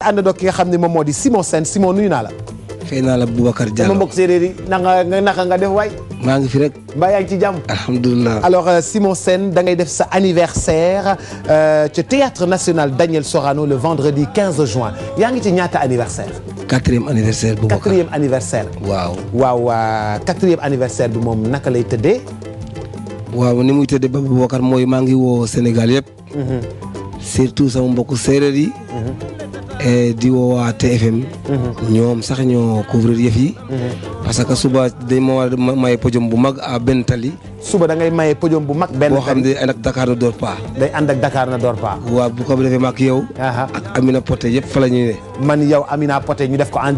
ànd doog ki nga xam ne moom moo di Simon Sène Simon nuyu naa la. fay naa la Boubacar Diallo sama mbokk maa ngi fi rek. mbaa yaa ngi ci jàmm. Euh, da ngay def sa anniversaire euh, ca théâtre national Daniel Sorano le vendredi 15 juin yaa ngi ci ñaata anniversaire. quatrième anniversaire Boubacar quatrième anniversaire. waaw waaw quatrième anniversaire bi moom naka lay tëddee. waaw ni muy tëddee ba Boubacar mooy maa ngi woo Sénégal yëpp. Mhm. surtout sama mbok séeréer yi. Mhm. Eh, di woowaa TFM. Mhm. ñoom sax ñoo couvrir yëf yi. Mhm. parce que suba dañ ma war a maye podium bu mag à benn tali. suba da ngay maye podium bu mag. benn tali boo xam ne ànd ak Dakar na door paa. day ànd ak Dakar na defee ma ak ak Amina Poté yëpp fa la ne. man yow Amina Poté ñu def ko en.